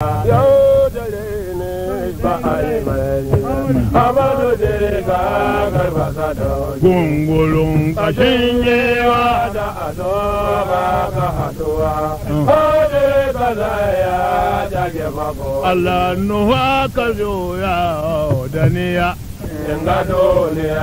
yau ne ba a yi mai amadu dare ka karfasa da gungulun kashin da ado a ka hatuwa dare ka zaya jage mako Allah da niya duniya,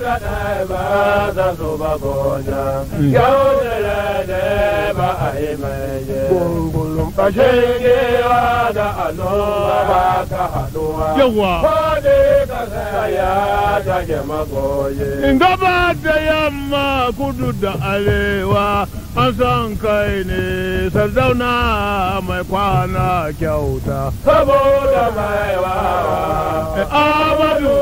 da da ba da so ba da ba ai ba ka yawa ko de ka in gaba da yamma kudu da arewa an san kai ne sardauna mai kwana kyauta saboda mai wawa eh, amadu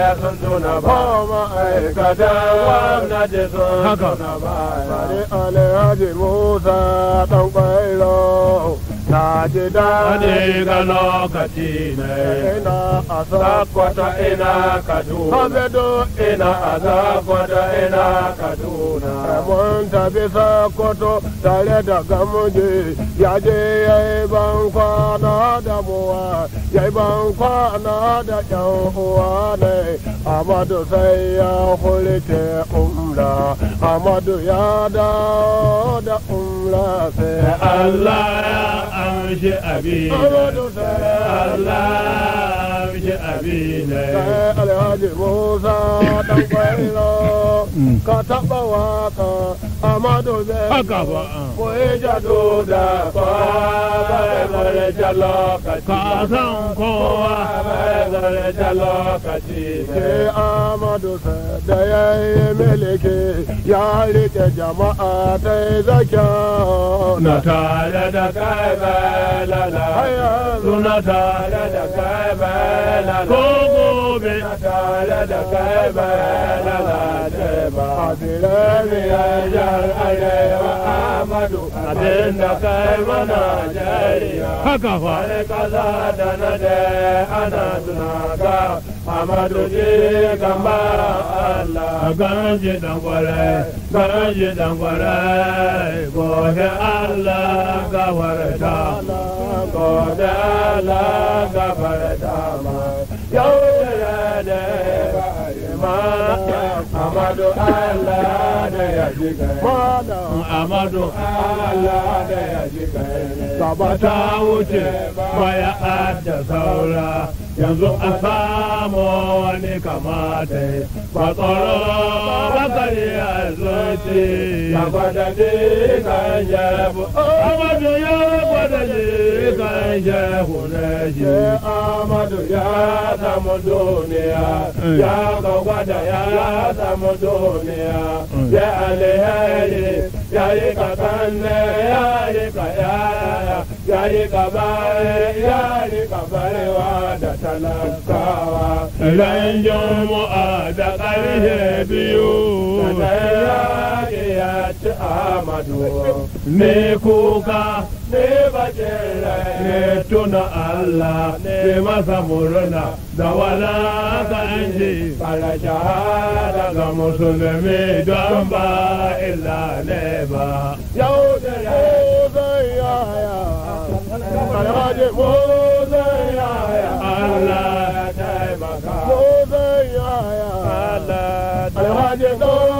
na ba ma aikata wannan jisun suna ba. Sani Alhaji Musa ɗan ƙwairo. na ne ga lokaci ne ina a zakwata ina kaduna ina a ina kaduna mun tafi sakwato tare da gamuje ya je ya yi ban kwana da buwa ya yi da yan uwa ne amadu sai ya hulite umra amadu ya dawo da umra sai allah ya ṣe àbí Allah. عيش أبينا الهادي موسى دويلو كتب واقع أمد ذكر ويجدو دفا بل جلوكتي كاسم قوة بل جلوكتي أمد سدي ملكي يا لك جماعة ذكر نتالى دكايبا لا لا نتالى دكايبا ko gobe tare da kai bayana ba abirani ya jar arewa amadu abin da kai na jariya haka fa wani kaza da na da ana tunaka amadu ji gamba allah Ganji dangware ganji dangware gode allah gabarta gode allah gabarta Yo, da, da, da, Muhammadu Allah da ya ji Muhammadu Allah da ya ji Baba ta wuce baya adda saura yanzu a samu wani kamata ba tsoro ba kare a zuci. Ya gwada ji kan yabu, Amadu ya gwada ji kan yabu na ji. Amadu ya samu duniya ya kawo gwada ya samu duniya ya alheri ya yi ka kanne ya yi ka yaya ya yi ka bare ya yi ka barewa da talakawa ran a da ƙarshe biyu da ya ci amadu ne kuka ne ne tuna Allah ne masa murna da wala ta anji fara shahada ga musulmi don ba illa ne ba yau da yau Allah ya taimaka mu zai yaya Allah kalaje mu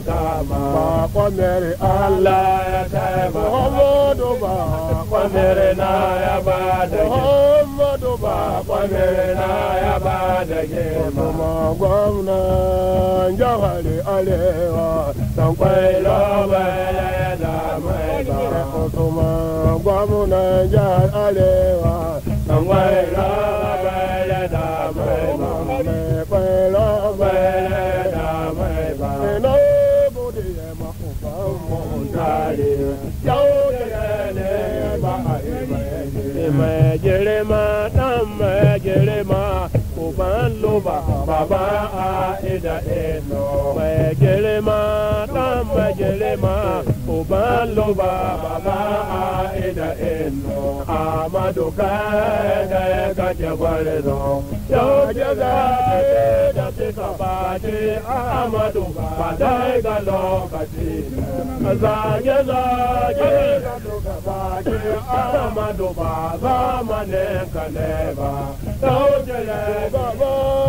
kama bakon mere Allah ya taimaka Muhammadu bakon mere na ya bada Muhammadu bakon mere na ya bada girma kuma gwamnan jihar Alewa dan kwailo bai da mai ba kuma gwamnan jihar Alewa baba a ida eno majelema ta majelema uba loba baba a ida eno amadu ka da ka jabare no yo jaga da te ka ba te amadu ba da ga lo ka ti za ga za ga ka ba te amadu ba za ma ne ka ne ba yo jaga baba